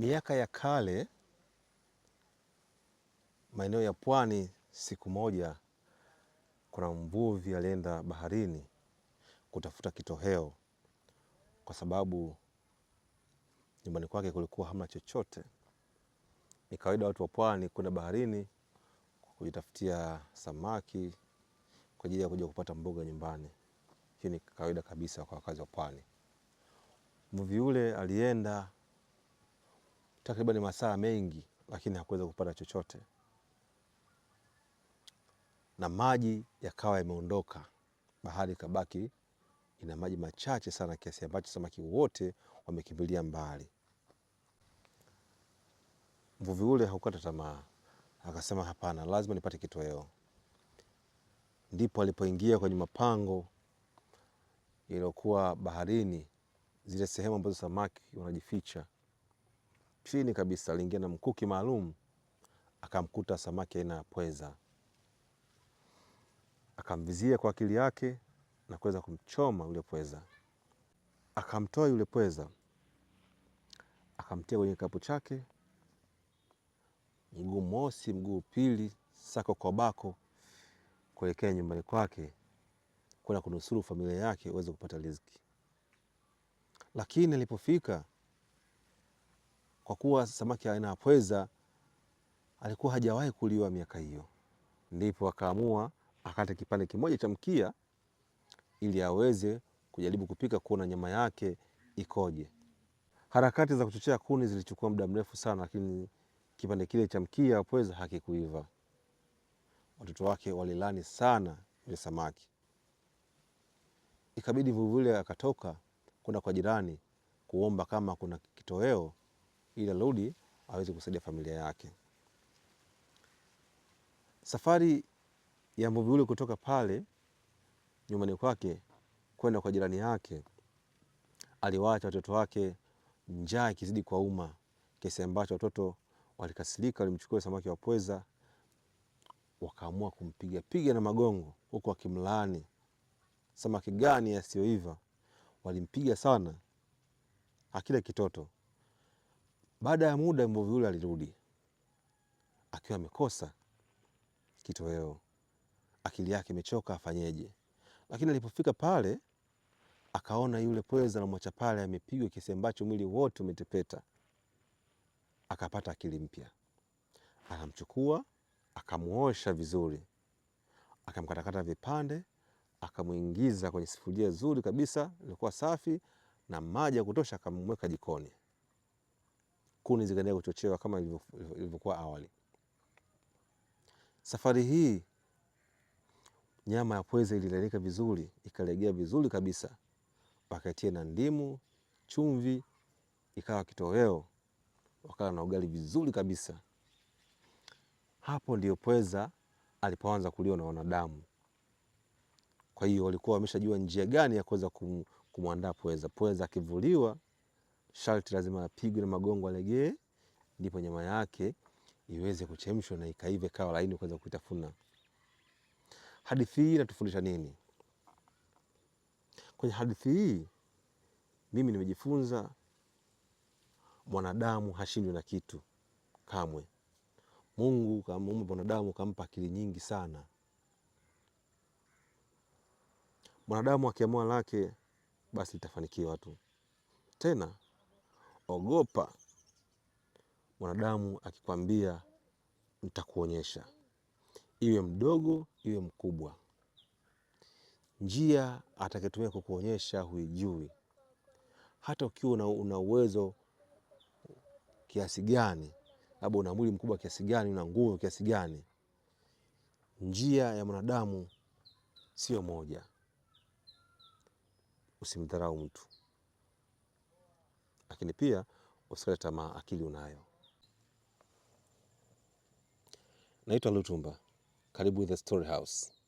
Miaka ya kale maeneo ya pwani, siku moja kuna mvuvi alienda baharini kutafuta kitoweo, kwa sababu nyumbani kwake kulikuwa hamna chochote. Ni kawaida watu wa pwani kwenda baharini kujitafutia samaki kwa ajili ya kuja kupata mboga nyumbani. Hii ni kawaida kabisa kwa wakazi wa pwani. Mvuvi yule alienda takriban masaa mengi, lakini hakuweza kupata chochote, na maji yakawa yameondoka, bahari kabaki ina maji machache sana, kiasi ambacho samaki wote wamekimbilia mbali. Mvuvi ule haukata tamaa, akasema hapana, lazima nipate kitoweo. Ndipo alipoingia kwenye mapango yaliyokuwa baharini, zile sehemu ambazo samaki wanajificha chini kabisa, aliingia na mkuki maalum, akamkuta samaki aina ya pweza, akamvizia kwa akili yake na kuweza kumchoma yule pweza. Akamtoa yule pweza, akamtia kwenye kikapu chake, mguu mosi, mguu pili, sako kwa bako, kuelekea nyumbani kwake kwenda kunusuru familia yake uweze kupata riziki. Lakini alipofika kwa kuwa samaki aina ya pweza alikuwa hajawahi kuliwa miaka hiyo, ndipo akaamua akate kipande kimoja cha mkia ili aweze kujaribu kupika kuona nyama yake ikoje. Harakati za kuchochea kuni zilichukua muda mrefu sana, lakini kipande kile cha mkia wa pweza hakikuiva. Watoto wake walilani sana ile samaki. Ikabidi vuvuli akatoka kwenda kwa jirani kuomba kama kuna kitoweo ili arudi aweze kusaidia familia yake. Safari ya mvuvi yule kutoka pale nyumbani kwake kwenda kwa jirani yake, aliwaacha watoto wake njaa ikizidi kwa uma, kiasi ambacho watoto walikasirika, walimchukua samaki wa pweza, wakaamua kumpiga piga na magongo, huku wakimlaani samaki gani asiyoiva. Walimpiga sana akila kitoto. Baada ya muda mvuvi yule alirudi akiwa amekosa kitoweo, akili yake imechoka, afanyeje? Lakini alipofika pale akaona yule pweza na mwacha pale amepigwa kiasi ambacho mwili wote umetepeta, akapata akili mpya. Akamchukua, akamuosha vizuri, akamkatakata vipande, akamwingiza kwenye sifuria zuri kabisa, ilikuwa safi na maji ya kutosha, akamweka jikoni kuni zikaendelea kuchochewa kama ilivyokuwa awali. Safari hii nyama ya pweza ililainika vizuri, ikalegea vizuri kabisa, wakatia na ndimu, chumvi, ikawa kitoweo, wakala na ugali vizuri kabisa. Hapo ndio pweza alipoanza kuliwa na wanadamu. Kwa hiyo walikuwa wameshajua njia gani ya kuweza kumwandaa pweza. Pweza akivuliwa sharti lazima apigwe na magongo alegee, ndipo nyama yake iweze kuchemshwa na ikaive kawa laini kuweza kuitafuna. Hadithi hii inatufundisha nini? Kwenye hadithi hii mimi nimejifunza mwanadamu hashindwi na kitu kamwe. Mungu kamuumba mwanadamu, kampa akili nyingi sana. Mwanadamu akiamua lake, basi litafanikiwa tu tena ogopa. Mwanadamu akikwambia nitakuonyesha, iwe mdogo iwe mkubwa, njia atakayotumia kukuonyesha huijui. Hata ukiwa una uwezo kiasi gani, labda una mwili mkubwa kiasi gani, una nguvu kiasi gani, njia ya mwanadamu sio moja. Usimdharau mtu lakini pia usikate tamaa, akili unayo. Naitwa Lutumba, karibu The Story House.